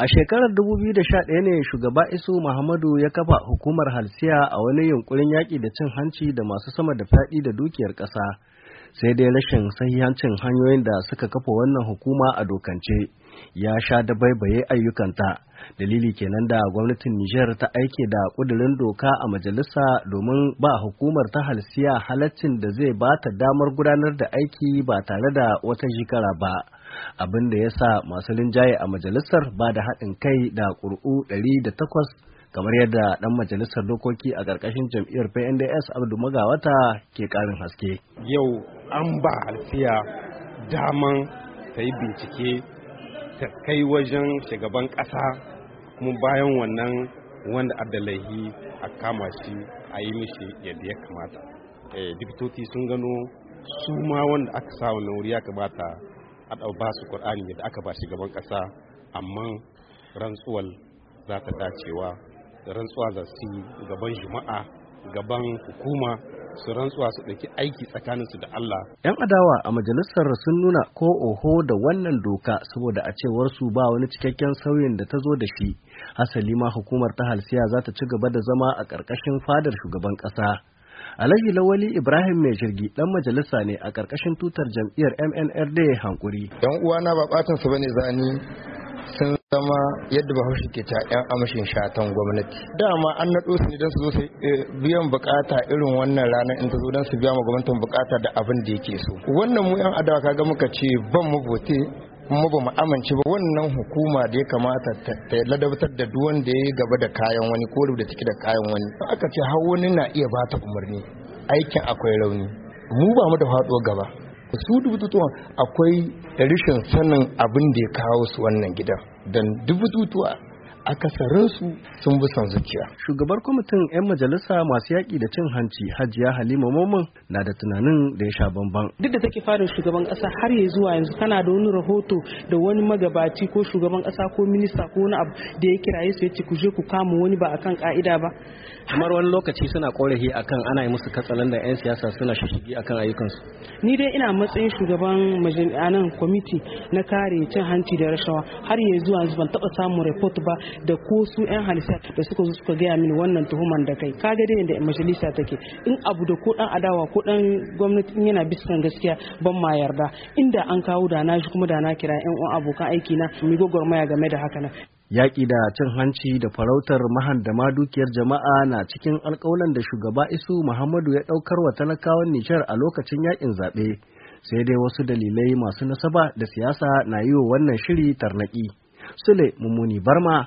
A shekarar 2011 ne shugaba Isu Muhammadu ya kafa hukumar halsiya a wani yunkurin yaƙi da cin hanci da masu sama da faɗi da dukiyar ƙasa. Sai dai rashin sahihancin hanyoyin da suka kafa wannan hukuma a dokance ya sha da baibaye ayyukanta. Dalili kenan da gwamnatin Nijar ta aike da ƙudurin doka a majalisa domin ba hukumar ta halsiya halaccin da zai ba ta damar gudanar da aiki ba tare da wata jikara ba. abin da ya sa masu linjaye a majalisar ba da haɗin kai da ƙuri'u 108 kamar yadda ɗan majalisar dokoki a ƙarƙashin jam'iyyar pnds abdu magawata ke ƙarin haske yau an ba alfiya daman ta yi bincike ta kai wajen shugaban ƙasa kuma bayan wannan wanda abdullahi a kama shi a yi mishi yadda ya kamata eh, dipitoti sun gano su ma wanda aka sa wani wuri ya kamata a ba su Qur'ani yadda aka ba gaban ƙasa, amma rantsuwar za ta dacewa da rantsuwa za su gaban juma'a gaban hukuma su rantsuwa su ɗauki aiki tsakaninsu da Allah. 'Yan adawa a majalisar sun nuna ko oho da wannan doka saboda a cewar su ba wani cikakken sauyin da ta zo da shi. Hasali ma hukumar ta halsiya za ta ci gaba da zama a ƙarƙashin fadar shugaban ƙasa. Alhaji Lawali Ibrahim mai jirgi dan majalisa ne a ƙarƙashin tutar jam'iyyar MNRD hankuri. Yan uwa na ba su bane zani sun zama yadda bahaushe ke ta yan amshin shatan gwamnati dama an naɗo su ne don su zo su eh, biyan bukata irin wannan ranar in ta zo don su biya ma gwamnatin bukata da abin da yake so wannan mu yan adawa kaga muka ce ban mu bote kuma ba mu amince ba wannan hukuma da ya kamata ta ladabtar da duk wanda ya yi gaba da kayan wani ko da take da kayan wani aka ce har wani na iya ba ta umarni aikin akwai rauni mu ba mu da faɗo gaba su dubututuwan akwai rashin sanin abin da ya kawo su wannan gidan dan debu-debu tua su sun bi son zuciya. Shugabar kwamitin 'yan majalisa masu yaƙi da cin hanci Hajiya Halima Momon na da tunanin da ya sha bamban. Duk da take fara shugaban ƙasa har ya zuwa yanzu kana da wani rahoto da wani magabaci ko shugaban ƙasa ko minista ko wani abu da ya kiraye su ya ce ku je ku kama wani ba akan ka'ida ba. Kamar wani lokaci suna korafi akan ana yi musu katsalan da 'yan siyasa suna shishigi akan ayyukansu. Ni dai ina matsayin shugaban majalisanan kwamiti na kare cin hanci da rashawa har ya zuwa yanzu ban taɓa samun report ba da ko su 'yan halisa da suka zo suka gaya mini wannan tuhuman da kai kaga dai da majalisa take in abu da ko dan adawa ko dan gwamnati in yana bisa gaskiya ban ma yarda inda an kawo da na shi kuma da na kira 'yan uwan abokan aiki na mu gwagwarmaya game da haka nan yaƙi da cin hanci da farautar mahandama dukiyar jama'a na cikin alƙawalan da shugaba isu muhammadu ya ɗaukar wa talakawan nijar a lokacin yaƙin zaɓe sai dai wasu dalilai masu nasaba da siyasa na yi wa wannan shiri tarnaƙi sule mummuni barma